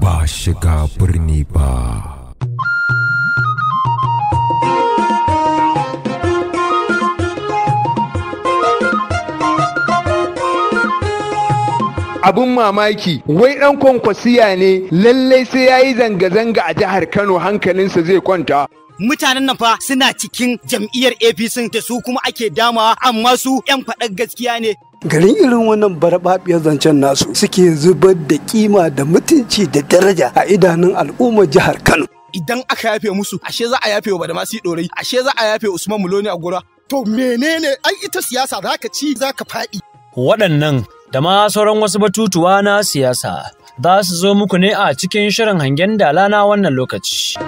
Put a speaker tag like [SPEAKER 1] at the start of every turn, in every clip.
[SPEAKER 1] ba shiga birni ba. abin mamaki wai ɗan kwankwasiya ne lallai sai ya yi zanga-zanga a jihar kano hankalinsa zai kwanta mutanen nan fa suna
[SPEAKER 2] cikin jam'iyyar apc da su kuma ake damawa amma su 'yan faɗar gaskiya ne
[SPEAKER 3] garin irin wannan barbabiyar zancen nasu suke zubar da kima da mutunci da daraja a idanun al'ummar jihar kano idan aka yafe musu ashe za a yafe wa badamasi dorai ashe za a yafe usman muloni a gura
[SPEAKER 4] to menene ai ita siyasa zaka ci zaka faɗi
[SPEAKER 5] waɗannan da ma sauran wasu batutuwa na siyasa za su zo muku ne a cikin shirin hangen dala na wannan lokaci.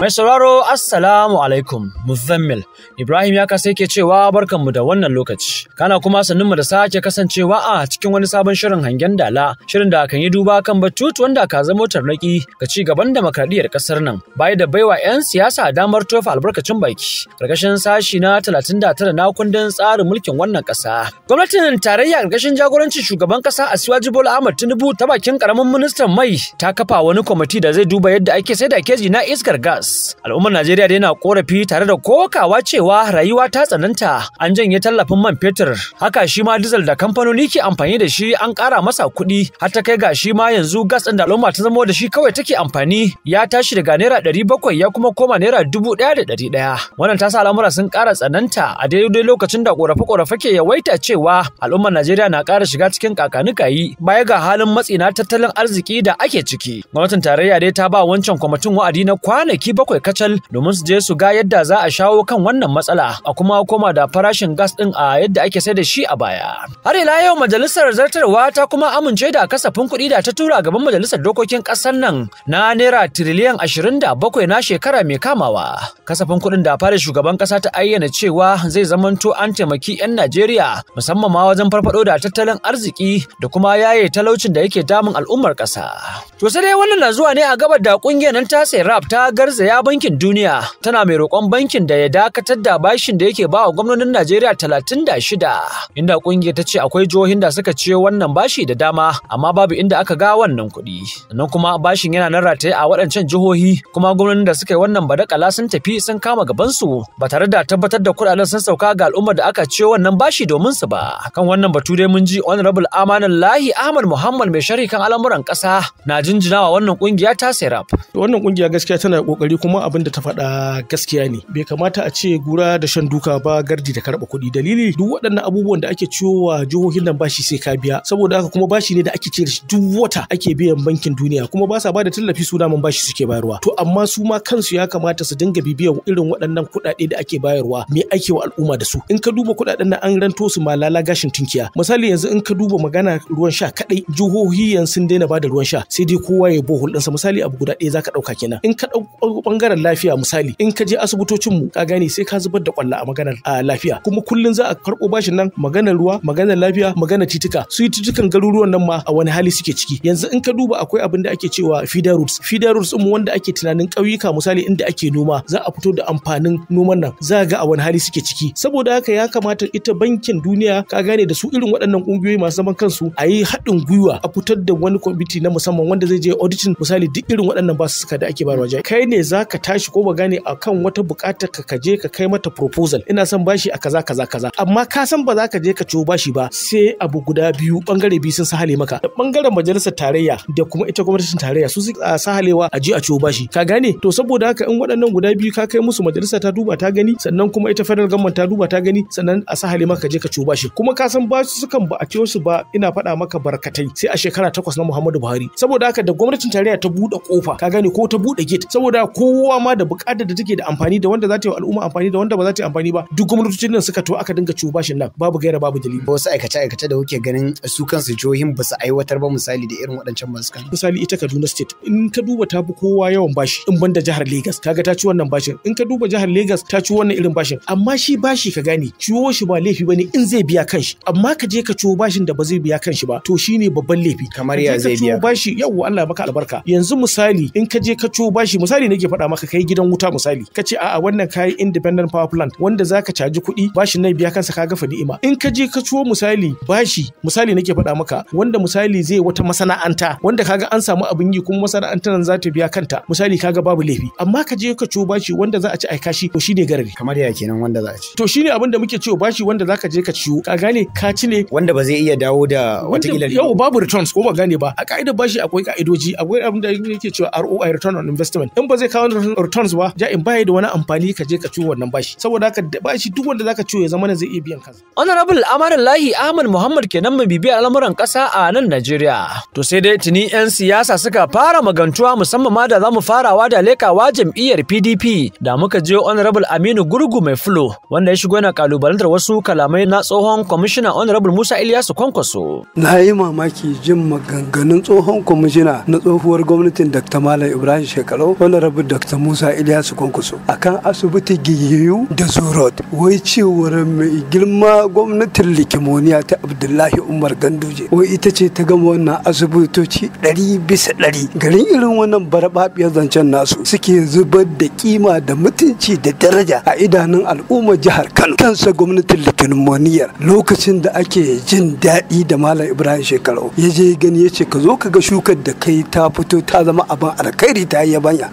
[SPEAKER 5] Mai sauraro Assalamu alaikum Muzammil Ibrahim ya kasa yake cewa barkanmu da wannan lokaci. Kana kuma mu da sake kasancewa a cikin wani sabon shirin hangen dala, shirin da kan yi duba kan batutu wanda ka zama tarnaki ga ci gaban demokradiyyar ƙasar nan, bai da baiwa 'yan siyasa damar tofa albarkacin baki. Karkashin sashi na tara na kundin tsarin mulkin wannan kasa. Gwamnatin tarayya karkashin jagorancin shugaban ƙasa a Siwaji Bola Ahmad Tinubu ta bakin karamin ministan mai ta kafa wani kwamiti da zai duba yadda ake sai da keji na iskar gas Lagos. Al'ummar Najeriya dai na korafi tare da kokawa cewa rayuwa ta tsananta an janye tallafin man fetur. Haka shi ma dizal da kamfanoni ke amfani da shi an ƙara masa kuɗi har ta kai ga shi ma yanzu gas ɗin da al'umma ta zama da shi kawai take amfani ya tashi daga naira ɗari bakwai ya kuma koma naira dubu ɗaya da ɗari ɗaya. Wannan ta sa al'amura sun ƙara tsananta a daidai lokacin da ƙorafe-ƙorafe ke yawaita cewa al'ummar Najeriya na ƙara shiga cikin kakanikayi baya ga halin matsi na tattalin arziki da ake ciki. Gwamnatin tarayya dai ta ba wancan kwamitin wa'adi na kwanaki bakwai kacal domin su je su ga yadda za a shawo kan wannan matsala a kuma koma da farashin gas ɗin a yadda ake sai da shi a baya. Har ila yau majalisar zartarwa ta kuma amince da kasafin kuɗi da ta tura gaban majalisar dokokin ƙasar nan na naira tiriliyan ashirin da bakwai na shekara mai kamawa. Kasafin kuɗin da fara shugaban ƙasa ta ayyana cewa zai zamanto an taimaki 'yan Najeriya musamman ma wajen farfaɗo da tattalin arziki da kuma yaye talaucin da yake damun al'ummar ƙasa. To sai dai wannan na zuwa ne a gabar da ƙungiyar nan ta rap ta garzaya ya bankin duniya tana mai roƙon bankin da ya dakatar da bashin da yake bawa gwamnonin Najeriya 36 inda kungiyar ta ce akwai jihohin da suka ce wannan bashi da dama amma babu inda aka ga wannan kuɗi sannan kuma bashin yana nan rataye a waɗancan jihohi kuma gwamnonin da suka yi wannan badakala sun tafi sun kama gaban su ba tare da tabbatar da kuɗaɗen sun sauka ga al'ummar da aka ce wannan bashi domin su ba kan wannan batu dai mun ji honorable lahi ahmad muhammad mai sharhi kan al'amuran ƙasa na jinjinawa wannan kungiya ta serap wannan kungiya gaskiya tana
[SPEAKER 6] kokari kuma abin da ta faɗa gaskiya ne bai kamata a ce gura da shan duka ba gardi da karɓa kuɗi dalili duk waɗannan abubuwan da ake wa jihohin nan bashi sai ka biya saboda haka kuma bashi ne da ake cire shi duk wata ake biyan bankin duniya kuma ba sa ba da tallafi su daman bashi suke bayarwa to amma su ma kansu ya kamata su dinga bibiyan irin waɗannan kuɗaɗe da ake bayarwa me ake wa al'umma da su in ka duba kuɗaɗen nan an ranto su ma lala gashin tunkiya misali yanzu in ka duba magana ruwan sha kaɗai jihohi yanzu sun daina ba da ruwan sha sai dai kowa ya bohol ɗinsa misali abu guda ɗaya zaka ɗauka kenan in ka ɗau bangaren lafiya misali in ka je asibitocin mu ka gane sai ka zubar da kwalla a maganar lafiya kuma kullun za a karbo bashin nan maganar ruwa maganar lafiya maganar titika su titikan garuruwan nan ma a wani hali suke ciki yanzu in ka duba akwai abin da ake cewa feeder routes feeder routes mu wanda ake tunanin ƙauyuka misali inda ake noma za a fito da amfanin noman nan za ga a wani hali suke ciki saboda haka ya kamata ita bankin duniya ka gane da su irin waɗannan ƙungiyoyi masu zaman kansu a yi haɗin gwiwa a fitar da wani kwamiti na musamman wanda zai je auditing misali duk irin waɗannan suka da ake bayarwa kai ne za ka tashi ko a kan wata bukata ka kaje ka kai mata proposal ina son bashi a kaza kaza kaza amma ka san ba za ka je ka ciwo bashi ba sai abu guda biyu bangare biyu sun sahale maka bangaren majalisar tarayya da kuma ita gwamnatin tarayya su su ah, sahalewa a je a ciwo bashi ka gane to saboda haka in waɗannan guda biyu ka kai musu majalisa ta duba ta gani sannan kuma ita federal government ta duba ta gani sannan a sahale maka je ka ciwo bashi kuma ka san basu sukan ba a ciwo su ba ina faɗa maka barkatai sai a shekara takwas na Muhammadu Buhari saboda haka da gwamnatin tarayya ta buɗe kofa ka gane ko ta buɗe gate saboda kowa ma da buƙatar da take da amfani da wanda za ta yi al'umma amfani da wanda ba za ta yi amfani ba duk gwamnatocin nan suka to aka dinga ciwo bashin nan babu gaira babu dalili wasu aikace aikace da kuke ganin su kansu jihohin ba su aiwatar ba misali da irin waɗancan masu kan misali ita Kaduna state in ka duba ta fi kowa yawan bashi in banda jihar Lagos kaga ta ci wannan bashin in ka duba jihar Lagos ta ci wannan irin bashin amma shi bashi ka gane ciwo shi ba laifi bane in zai biya kanshi amma ka je ka ciwo bashin da ba zai biya kanshi ba to shine babban laifi kamar ya zai biya bashi yawa Allah ya maka albarka yanzu misali in ka je ka ciwo bashi misali nake faɗa maka kai gidan wuta misali ka ce a'a wannan kayi independent power plant wanda zaka caji kuɗi bashi nai biya kansa ka gafa ni'ima in ka je ka ciwo misali bashi misali nake faɗa maka wanda misali zai wata masana'anta wanda kaga an samu abin yi kuma masana'antar nan za ta biya kanta misali kaga babu laifi amma ka je ka ciwo bashi wanda za a ci aika shi to shine garari kamar ya kenan wanda za a ci to shine abin da muke ciwo bashi wanda zaka je ka ciwo ka gane ka ci ne wanda ba zai iya dawo da watakila yau babu returns ko ba gane ba a ka'idar bashi akwai ka'idoji akwai abin da yake cewa ROI return on investment in ba zai returns ba in baya da wani amfani ka je ka ciwo wannan bashi saboda haka bashi duk wanda zaka ciwo ya zama ne zai iya biyan
[SPEAKER 5] kansa honorable amarallahi ahmad muhammad kenan mai bibiyar al'amuran kasa a nan najeriya to sai dai tuni yan siyasa suka fara magantuwa musamman ma da zamu farawa da lekawa jam'iyyar pdp da muka je honorable aminu gurgu mai fulo wanda ya shigo yana kalubalantar wasu kalamai na tsohon kwamishina honorable musa ilyasu kwankwaso
[SPEAKER 3] na yi mamaki jin maganganun tsohon kwamishina na tsohuwar gwamnatin dr malam ibrahim shekaru honorable dr musa iliyasu kwankwaso kan asibiti giyayyu da zurot wai cewar mai girma gwamnatin likimoniya ta abdullahi umar ganduje wai ita ce ta gama wannan asibitoci ɗari bisa ɗari garin irin wannan barbaɓiyar zancen nasu suke zubar da kima da mutunci da daraja a idanun al'ummar jihar kano kansa gwamnatin likimoniyar lokacin da ake jin daɗi da malam ibrahim shekaru ya je gani ya ce ka zo ka ga shukar da kai ta fito ta zama abin alkhairi ta yi yabanya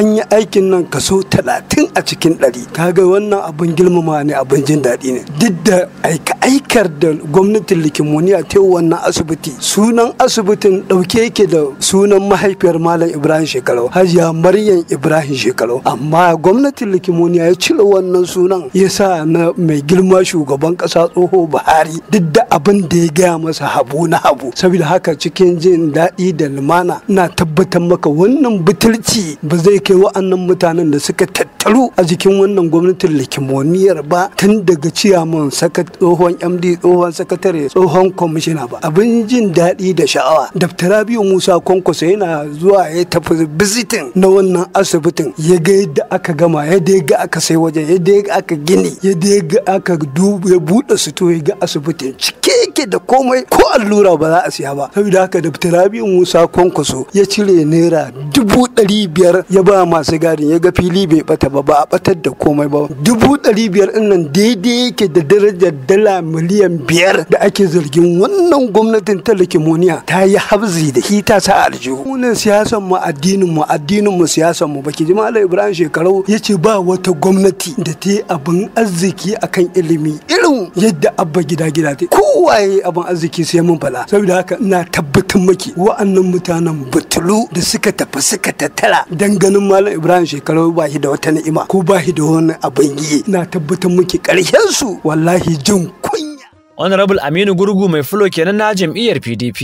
[SPEAKER 3] an yi aikin nan kaso talatin a cikin ɗari kaga wannan abin girmama ne abin jin daɗi ne duk da aika aikar da gwamnatin likimoniya ta wannan asibiti sunan asibitin ɗauke yake da sunan mahaifiyar malam ibrahim shekarau hajiya maryam ibrahim shekarau amma gwamnatin likimoniya ya cire wannan sunan ya sa na mai girma shugaban ƙasa tsoho buhari duk da abin da ya gaya masa habu na habu saboda haka cikin jin daɗi da lumana na tabbatar maka wannan butulci ba zai kai wa'annan mutanen da suka tattaru a jikin wannan gwamnatin likimoniyar ba tun daga ciyaman tsohon md tsohon sakatare tsohon kwamishina ba abin jin daɗi da sha'awa daftara biyu musa kwankwaso yana zuwa ya tafi bizitin na wannan asibitin ya ga yadda aka gama ya da ga aka sai wajen ya da aka gini ya da ga aka dubu ya buɗe to ya ga asibitin cike yake da komai ko allura ba za a siya ba saboda haka daftara biyu musa kwankwaso ya cire naira dubu ɗari biyar ya ba masu gadin ya ga fili bai bata ba ba a batar da komai ba dubu ɗari biyar nan daidai yake da darajar dala miliyan biyar da ake zargin wannan gwamnatin talakimoniya ta yi habzi da shi ta sa aljihu munan siyasan mu addinin mu addinin mu siyasan mu baki jama'a ibrahim shekarau ya ce ba wata gwamnati da ta yi abin arziki akan ilimi irin yadda abba gida gida ta kowaye abin arziki sai mun fala saboda haka ina tabbatar maki wa'annan mutanen butulu da suka tafi suka tattara dan ganin malam ibrahim shekarau ba shi da wata ne ni'ima ko ba shi da wani abin yi na tabbatar muke ƙarshen su wallahi
[SPEAKER 5] jin kunya honorable aminu gurgu mai fulo kenan na jam'iyyar pdp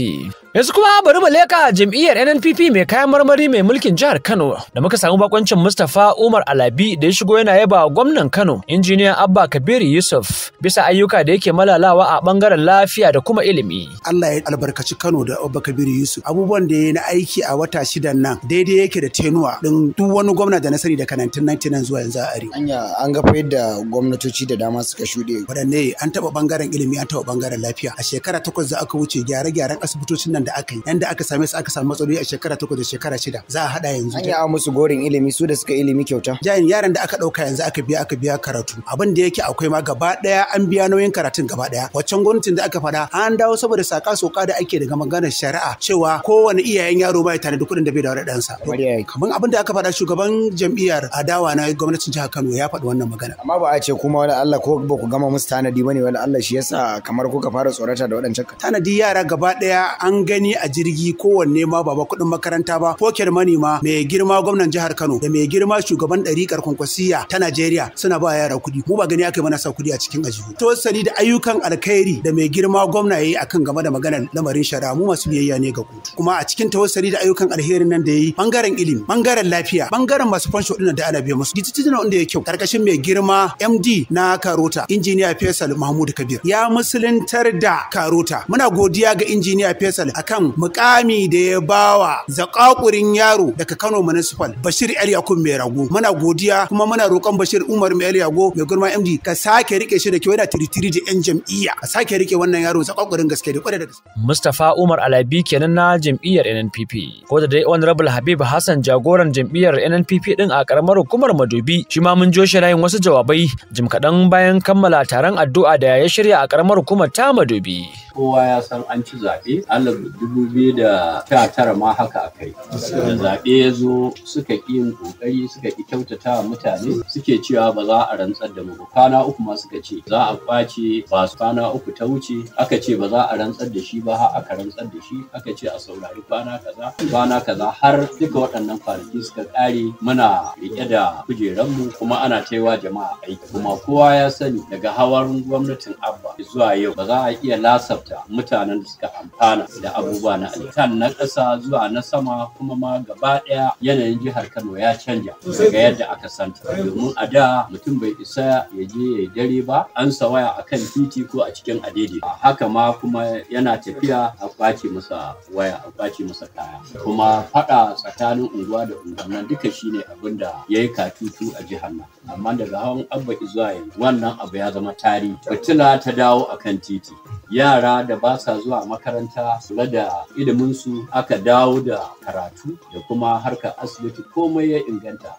[SPEAKER 5] Yanzu kuma bari mu leka jam'iyyar NNPP mai kayan marmari mai mulkin jihar Kano da muka samu bakoncin Mustapha Umar Alabi da ya shigo yana yaba gwamnan Kano injiniya Abba Kabir Yusuf bisa ayyuka da yake malalawa a bangaren lafiya da kuma ilimi.
[SPEAKER 7] Allah ya albarkaci Kano da Abba Kabir Yusuf abubuwan da ya na aiki a wata shida nan daidai yake da tenuwa din duk wani gwamna da na sani daga 1999 zuwa yanzu a are. Anya an ga da gwamnatoci da dama suka shuɗe. Wadanne an taɓa bangaren ilimi an taɓa bangaren lafiya a shekara takwas da aka wuce gyare-gyaren asibitocin nan da aka yi yanda aka same su aka samu matsaloli a shekara ta da shekara shida za a haɗa yanzu. An musu gorin ilimi su da suka ilimi kyauta. Jayin yaran da aka ɗauka yanzu aka biya aka biya karatu abin da yake akwai ma gaba ɗaya an biya nauyin karatun gaba ɗaya waccan gwamnatin da aka faɗa an dawo saboda saka soka da ake daga maganar shari'a cewa kowane iyayen yaro ma ya tanadi kuɗin da bai da ɗansa. Kamar abin da aka faɗa shugaban jam'iyyar adawa na gwamnatin jihar Kano ya faɗi wannan magana.
[SPEAKER 2] Amma ba a ce kuma wani Allah ko ba ku gama musu tanadi bane
[SPEAKER 7] wani Allah shi yasa kamar kuka fara tsorata da waɗancan. Tanadi yara gaba ɗaya an ga gani a jirgi kowanne ma ba kuɗin makaranta ba ko money ma mai girma gwamnan jihar Kano da mai girma shugaban ɗarikar kwankwasiya ta Najeriya suna ba yara kuɗi mu ba gani aka mana sa kuɗi a cikin ajiyu. to sani da ayyukan alkhairi da mai girma gwamna yayi akan game da maganar lamarin shara mu masu biyayya ne ga kotu kuma a cikin tawassali da ayyukan alherin nan da yayi bangaren ilimi bangaren lafiya bangaren masu fansho ɗin da ana biya musu da wanda ya kyau karkashin mai girma MD na Karota injiniya Faisal Mahmud Kabir ya musuluntar da Karota muna godiya ga injiniya Faisal akan mukami da ya bawa zakakurin yaro daga Kano Municipal Bashir El mai rago muna godiya kuma muna roƙon Bashir Umar mai El mai Gurma MD ka sake rike shi da kyau yana tiritiri da yan jam'iyya ka sake rike wannan yaro zakakurin gaske da kwarai da gaske
[SPEAKER 5] Mustafa Umar Alabi kenan na jam'iyyar NNPP ko da dai Honorable Habib Hassan jagoran jam'iyyar NNPP din a karamar hukumar Madobi shi ma mun joshe layin wasu jawabai jim kaɗan bayan kammala taron addu'a da ya shirya a karamar hukumar ta Madobi.
[SPEAKER 8] kowa ya san an ci zaɓe alif dubu biyu da ta tara ma haka a kai da zaɓe ya zo suka ƙi yin ƙoƙari suka ƙi kyautata mutane suke cewa ba za a rantsar da mu ba kwana uku ma suka ce za a kwace ba kwana uku ta wuce aka ce ba za a rantsar da shi ba har aka rantsar da shi aka ce a saurari kwana kaza kwana kaza har duka waɗannan kwanaki suka ƙare muna riƙe da kujeranmu kuma ana taiwa jama'a aiki kuma kowa ya sani daga hawan gwamnatin abba zuwa yau ba za a iya lasa mata mutanen da suka amfana da abubuwa na alikan na ƙasa zuwa na sama kuma ma gaba ɗaya yanayin jihar Kano ya canja daga yadda aka santa domin a da mutum bai isa ya je ya dare ba an sa waya akan titi ko a cikin adede haka ma kuma yana tafiya a kwace masa waya a kwace masa kaya kuma faɗa tsakanin unguwa da unguwa nan duka shine abin da ya yi katutu a jihar nan amma daga hawan abba zuwa yanzu wannan abu ya zama tarihi fitila ta dawo akan titi yara da ba sa zuwa makaranta kula da iliminsu aka dawo da karatu da kuma harkar asibiti komai ya inganta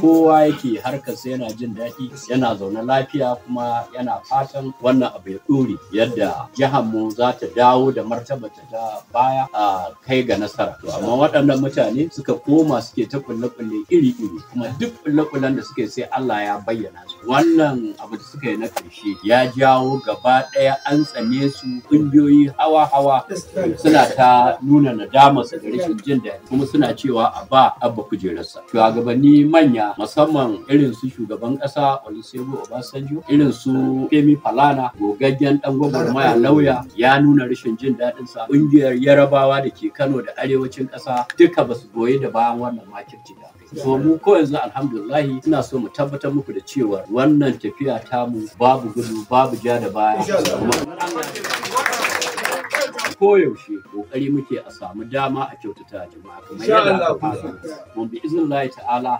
[SPEAKER 8] kowa yake sai yana jin daɗi yana zaune lafiya kuma yana fatan wannan abu ya ɗore yadda jihar mu za ta dawo da martaba ta da baya a kai ga nasara to amma waɗannan mutane suka koma suke ta kulle-kulle iri-iri kuma duk kulle-kullen da suke sai Allah ya bayyana su wannan abu da suka yi na ƙarshe ya jawo gaba ɗaya an tsane su ƙungiyoyi hawa-hawa suna ta nuna nadama su da rashin jin daɗi kuma suna cewa a ba abba kujerarsa shugabanni mai manya musamman irin su shugaban ƙasa Olusegun Obasanjo irin su Femi Falana gogaggen dan gwagwarmaya lauya ya nuna rashin jin daɗin sa ƙungiyar Yarabawa da ke Kano da arewacin ƙasa duka ba su goyi da bayan wannan makirci da so mu ko yanzu alhamdulillahi ina so mu tabbatar muku da cewa wannan tafiya mu babu gudu babu ja da baya koyaushe kokari muke a samu dama a kyautata jama'a kuma yadda aka fara mun bi iznillahi ta'ala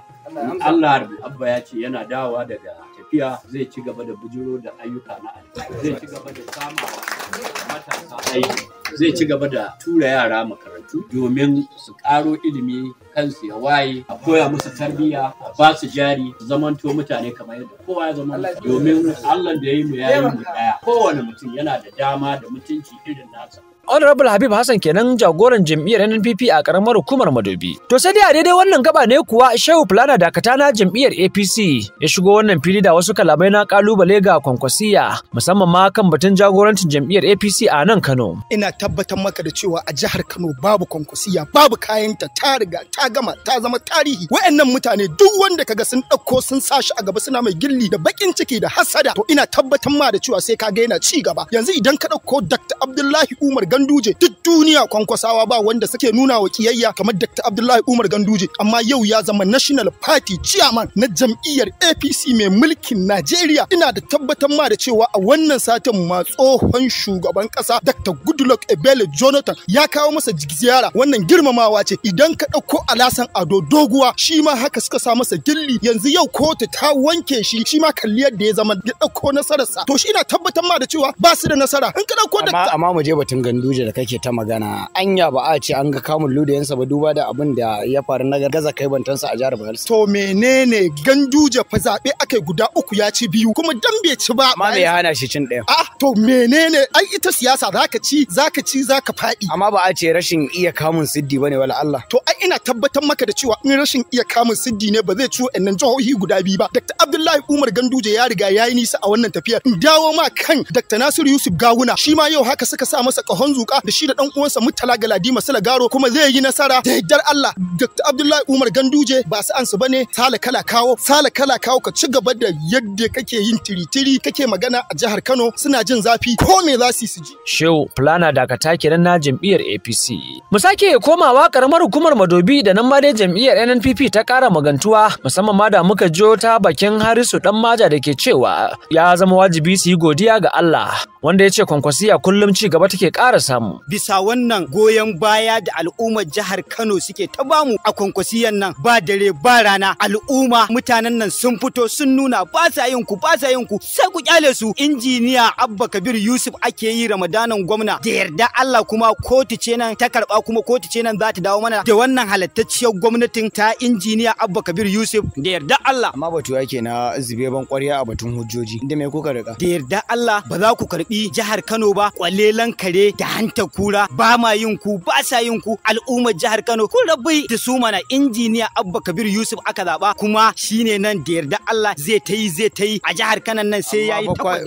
[SPEAKER 8] Allah abba ya ce yana dawowa daga tafiya zai ci gaba da bujiro da ayyuka na alƙawari zai ci gaba da samawa matasa aiki zai ci gaba da tura yara makarantu domin su ƙaro ilimi kansu ya waye a koya musu tarbiyya a ba su
[SPEAKER 5] jari su zamanto mutane kamar yadda
[SPEAKER 8] kowa ya zama domin Allah da ya yi mu ya yi mu daya kowane mutum yana da dama da mutunci irin nasa
[SPEAKER 5] Honorable Habib Hassan kenan jagoran jam'iyyar NNPP a karamar hukumar Madobi. To sai dai a daidai wannan gaba ne kuwa Shehu Fulana Dakata na jam'iyyar APC ya shigo wannan fili da wasu kalamai na kalubale ga kwankwasiya musamman ma kan batun jagorancin jam'iyyar APC a nan Kano. Ina tabbatar maka da cewa a jihar Kano
[SPEAKER 4] babu kwankwasiya babu kayan ta ta riga ta gama ta zama tarihi. Wa'annan mutane duk wanda kaga sun ɗauko sun sashi a gaba suna mai gilli da bakin ciki da hasada to ina tabbatar ma da cewa sai ka ga yana ci gaba. Yanzu idan ka ɗauko Dr. Abdullahi Umar Ganduje duk duniya kwankwasawa ba wanda suke nuna wa kiyayya kamar Dr. Abdullahi Umar Ganduje amma yau ya zama National Party Chairman na jam'iyyar APC mai mulkin Najeriya ina da tabbatar ma da cewa a wannan satin ma tsohon shugaban kasa Dr. Goodluck Ebele Jonathan ya kawo masa ziyara wannan girmamawa ce idan ka ɗauko alasan ado doguwa shi ma haka suka sa masa gilli yanzu yau kotu ta wanke shi shi ma kalli yadda ya zama ya ɗauko nasararsa to shi ina tabbatar ma da cewa ba su da nasara in ka ɗauko
[SPEAKER 2] da amma mu je batun ganduje da kake ta magana anya ba a ce an
[SPEAKER 4] ga kamun yansa ba duba da abin da ya faru na gaza kai bantansa a jihar Bayelsa. To menene ganduje fa zaɓe aka guda uku ya ci biyu kuma dan bai ci ba. Ma me hana shi cin ɗaya? Ah to menene ai ita siyasa zaka ci zaka ci zaka faɗi. Amma ba a ce rashin iya kamun siddi bane wala Allah. To ai ina tabbatar maka da cewa in rashin iya kamun siddi ne ba zai ci wa'annan jihohi guda biyu ba. Dr. Abdullahi Umar Ganduje ya riga ya yi nisa a wannan tafiyar. In dawo ma kan Dr. Nasiru Yusuf Gawuna shi ma yau haka suka sa masa ƙahon dan zuka da shi da dan uwansa Murtala Galadima garo kuma zai yi nasara da yaddar Allah Dr. Abdullahi Umar Ganduje ba su ansu bane sala kala kawo sala kala kawo ka ci gaba da yadda kake yin tiritiri kake magana a jihar Kano suna jin
[SPEAKER 5] zafi ko me za su ji Shehu Plana Dakata kenan na jam'iyyar APC mu sake komawa karamar hukumar Madobi da nan ma dai jam'iyyar NNPP ta kara magantuwa musamman ma da muka jiyo ta bakin Harisu dan Maja da ke cewa ya zama wajibi su yi godiya ga Allah wanda ya ce kwankwasiya kullum ci gaba take ƙara samu.
[SPEAKER 2] Bisa wannan goyon baya da al'ummar jihar Kano suke ta bamu a kwankwasiyan nan ba dare ba rana al'umma mutanen nan sun fito sun nuna ba sa yin ku ba sa yin ku sai ku kyale su injiniya Abba Kabir Yusuf ake yi Ramadanan gwamna da yarda Allah kuma kotu ce nan ta karba kuma kotu ce nan za ta dawo mana da wannan halattacciyar gwamnatin ta injiniya Abba Kabir Yusuf da yarda Allah. Amma batu yake na zube ban kwarya a batun hujjoji inda mai kuka rika. Da yarda Allah ba za ku karɓi. jihar Kano ba kwalelan kare da hanta kura ba ma yin ku ba sa yin ku al'ummar jihar Kano kun rabbi da su mana injiniya Abba Kabir Yusuf aka zaba kuma shine nan da yarda Allah zai ta yi zai ta yi a jihar Kano nan sai yayi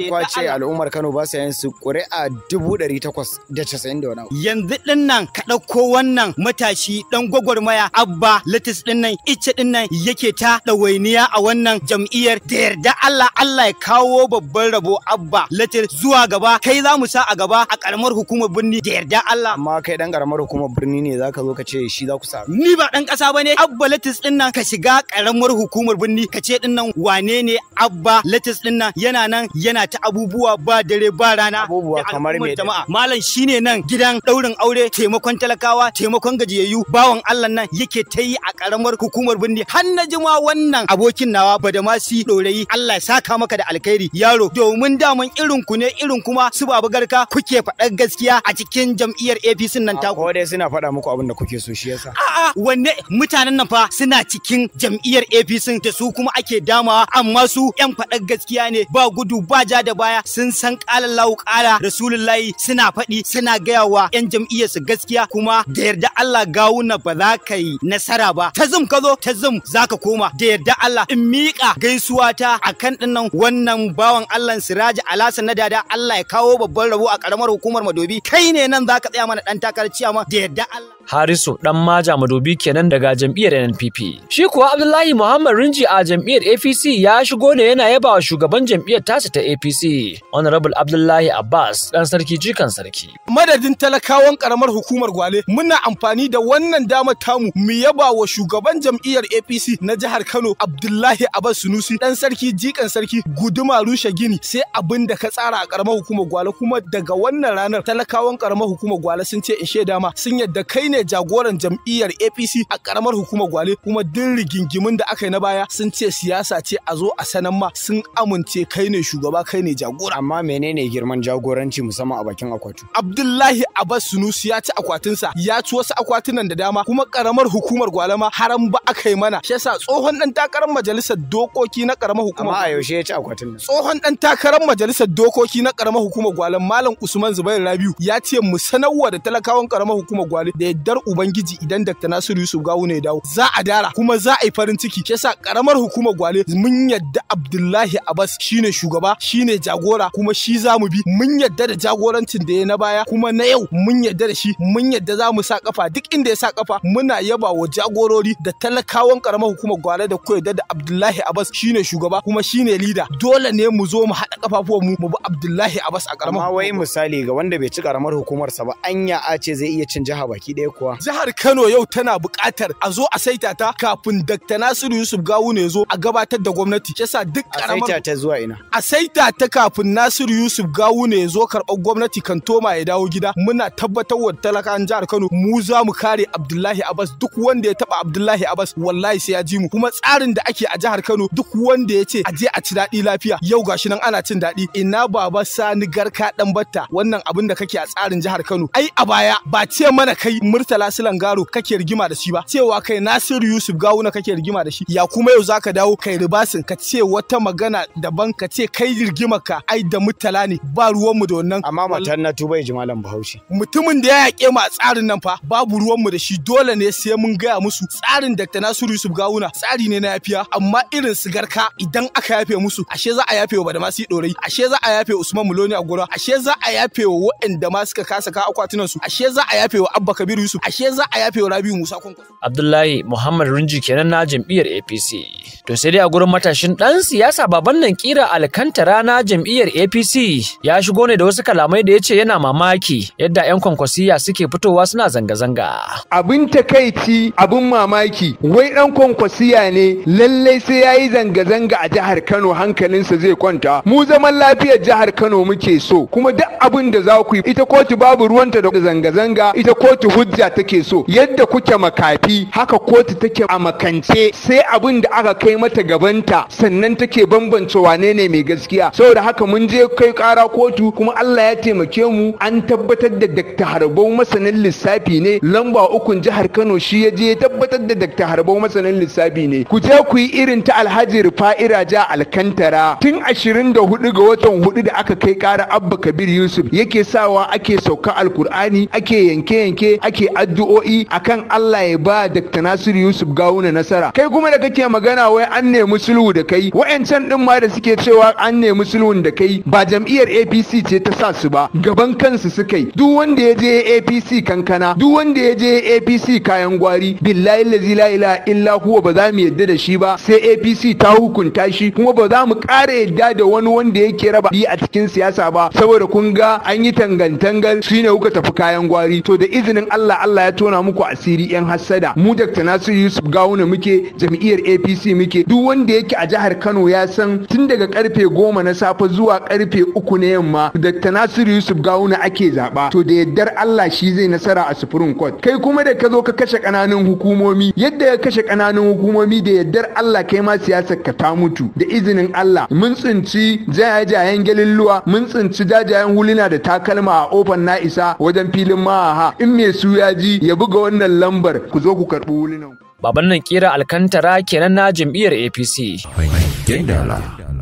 [SPEAKER 2] kwace al'ummar Kano ba sa yin su ƙuri'a dubu da casa'in da yanzu din nan ka dauko wannan matashi ɗan gwagwarmaya Abba Latis din nan Ice din nan yake ta ɗawainiya a wannan jam'iyyar da yarda Allah Allah ya kawo babban rabo Abba Latis zuwa ga gaba kai za mu sa a gaba a karamar hukumar birni da yarda Allah amma kai dan karamar hukumar birni ne zaka zo ka ce shi za ku sa ni ba dan kasa bane abba latis din nan ka shiga karamar hukumar birni ka ce din nan wane ne abba latis din nan yana nan yana ta abubuwa ba dare ba rana abubuwa kamar me jama'a malam shine nan gidan daurin aure taimakon talakawa taimakon gajiyayyu bawan Allah nan yake ta yi a karamar hukumar birni har na jima wannan abokin nawa ba da ma badamasi dorayi Allah ya saka maka da alkhairi yaro domin daman irin ku ne irin kuma su babu garka kuke faɗar gaskiya a cikin jam'iyyar APC nan taku. Ko dai suna faɗa muku abin da kuke so shi yasa. A'a wanne mutanen nan fa suna cikin jam'iyyar APC da su kuma ake damawa amma su 'yan faɗar gaskiya ne ba gudu ba ja da baya sun san ƙalan lawu ƙala rasulullahi suna faɗi suna gaya wa 'yan jam'iyyar su gaskiya kuma da yarda Allah gawuna ba za ka yi nasara ba. Ta zum ka zo ta zum za ka koma da yarda Allah in miƙa gaisuwa ta akan wannan bawan Allah Siraji Alhassan na dada Allah Allah ya kawo babban rabo a karamar hukumar Madobi kai ne nan zaka tsaya mana dan takarar ma? da yadda Allah
[SPEAKER 5] Harisu dan Maja Madobi kenan daga jam'iyyar NPP. Shi kuwa Abdullahi Muhammad Rinji a jam'iyyar APC ya shigo ne yana yaba wa shugaban jam'iyyar tasa ta APC, Honorable Abdullahi Abbas dan sarki jikan sarki.
[SPEAKER 6] Madadin talakawan karamar hukumar Gwale muna amfani da wannan damar tamu mu yaba wa shugaban jam'iyyar APC na jihar Kano Abdullahi Abbas Sunusi dan sarki jikan sarki guduma rushe gini sai abin da ka tsara a karamar hukumar Gwale kuma daga wannan ranar talakawan karamar hukumar Gwale sun ce in shaida ma sun yadda kai ne shine jagoran jam'iyyar APC a karamar hukumar Gwale kuma duk rigingimin da aka yi na baya sun ce
[SPEAKER 2] siyasa ce a zo a sanan ma sun amince kai ne shugaba kai ne jagora amma menene girman jagoranci musamman a bakin akwatu
[SPEAKER 6] Abdullahi Abbas Sunusi ya ci akwatinsa ya ci wasu akwatunan da dama kuma karamar hukumar Gwale ma haram ba aka yi mana shi tsohon dan takarar majalisar dokoki na karamar hukumar amma a yaushe
[SPEAKER 2] ya ci akwatin
[SPEAKER 6] tsohon dan takarar majalisar dokoki na karamar hukumar Gwale Malam Usman Zubairu Rabiu ya ce mu sanarwa da talakawan karamar hukumar Gwale da yardar ubangiji idan Dr. Nasiru Yusuf Gawu ne dawo za a dara kuma za a yi farin ciki shi yasa karamar hukumar Gwale mun yadda Abdullahi Abbas shine shugaba shine jagora kuma shi za mu bi mun yadda da jagorancin da ya na baya kuma na yau mun yadda da shi mun yadda za mu sa kafa duk inda ya sa kafa muna yaba wa jagorori da talakawan karamar hukumar Gwale da koyar da Abdullahi Abbas shine shugaba kuma shine lida dole ne mu zo mu haɗa kafafuwan mu mu bi Abdullahi Abbas a karamar. Amma wai
[SPEAKER 2] misali ga wanda bai ci karamar hukumarsa ba anya a ce zai iya cin jiha baki ɗaya kuwa. Jihar
[SPEAKER 6] Kano yau tana buƙatar a zo a saita ta kafin Dr. Nasiru Yusuf Gawu ne zo a gabatar da gwamnati. Yasa duk karamar a saita ta zuwa ina. A saita ta kafin Nasiru Yusuf Gawu ne zo karɓar gwamnati kan toma ya dawo gida. Muna tabbatar wa talakan jihar Kano mu za mu kare Abdullahi Abbas duk wanda ya taɓa Abdullahi Abbas wallahi sai ya ji mu kuma tsarin da ake a jihar Kano duk wanda ya ce a je a ci daɗi lafiya yau gashi nan ana cin daɗi ina baba sani garka dan wannan abin da kake a tsarin jihar Kano ai a baya ba ce mana kai mur Murtala Silan Garo kake rigima da shi ba cewa kai Nasiru Yusuf Gawuna kake rigima da shi ya kuma yau zaka dawo kai ribasin ka ce wata magana daban ka ce kai rigima ka ai da Murtala ne ba ruwan mu da wannan amma matan na tuba ji malam Bahaushe mutumin da ya yake mu a tsarin nan fa babu ruwan mu da shi dole ne sai mun gaya musu tsarin Dr. Nasiru Yusuf Gawuna tsari ne na yafiya amma irin sigarka idan aka yafe musu ashe za a yafe wa Badamasi Dorai ashe za a yafe Usman Muloni a gura ashe za a yafe wa waɗanda ma suka kasa ka akwatunan su ashe za a yafe wa Abba Kabiru Yusuf su ashe za a
[SPEAKER 5] yafe wa Musa Kwankwaso. Abdullahi Muhammad Runji kenan na jam'iyyar APC. To sai dai a gurin matashin ɗan siyasa baban nan kira alkantara na jam'iyyar APC ya shigo ne da wasu kalamai da ya ce yana mamaki yadda 'yan kwankwasiya suke fitowa suna zanga-zanga.
[SPEAKER 1] Abin takaici abin mamaki wai ɗan kwankwasiya ne lallai sai ya yi zanga-zanga a jihar Kano hankalinsa zai kwanta. Mu zaman lafiyar jihar Kano muke so kuma duk abin da za ku yi ita kotu babu ruwanta da zanga-zanga ita kotu hujja koda take so yadda kuke makafi haka kotu take a makance sai abin da aka kai mata gabanta sannan take bambance wane ne mai gaskiya saboda haka mun je kai kara kotu kuma Allah ya taimake mu an tabbatar da Dr. Harbau masanin lissafi ne lamba ukun jihar Kano shi ya je tabbatar da Dr. Harbau masanin lissafi ne ku je ku yi irin ta Alhaji Rufa'i Raja Alkantara tun 24 ga watan 4 da aka kai kara Abba Kabir Yusuf yake sawa ake sauka Alkur'ani ake yanke yanke ake kake addu'o'i akan Allah ya ba Dr. Nasiru Yusuf Gawuna nasara kai kuma da kake magana wai an nemi sulhu da kai wa'ancan din ma da suke cewa an nemi sulhun da kai ba jam'iyyar APC ce ta sa su ba gaban kansu suka yi duk wanda ya je APC kankana duk wanda ya je APC kayan gwari billahi lazi la ilaha illa huwa ba za mu yadda da shi ba sai APC ta hukunta shi kuma ba za mu ƙara yadda da wani wanda yake raba bi a cikin siyasa ba saboda kun ga an yi tangantangal shine kuka tafi kayan gwari to da izinin Allah Allah Allah ya tona muku asiri yan hassada mu Dr. Nasir Yusuf Gawuna muke jam'iyyar APC muke duk wanda yake a jihar Kano ya san tun daga karfe goma na safe zuwa karfe uku na yamma Dr. Nasir Yusuf Gawuna ake zaba to da yaddar Allah shi zai nasara a Supreme Court kai kuma da ka zo ka kashe kananan hukumomi yadda ya kashe kananan hukumomi da yaddar Allah kai ma siyasar ka ta mutu da izinin Allah mun tsinci jajayen galilluwa mun tsinci jajayen huluna da takalma a ofan na isa wajen filin maha in me suya jaji ya buga wannan
[SPEAKER 5] lambar ku zo ku karɓi wulunan. Baban nan kera alkantara kenan na jam'iyyar APC.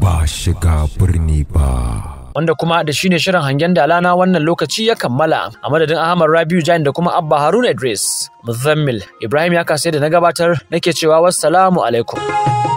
[SPEAKER 1] ba shiga birni ba.
[SPEAKER 5] wanda kuma da ne shirin hangen dala na wannan lokaci ya kammala a madadin Ahmad Rabiu Jain da kuma Abba Harun Idris Muzammil Ibrahim ya kasai da na gabatar nake cewa wassalamu alaikum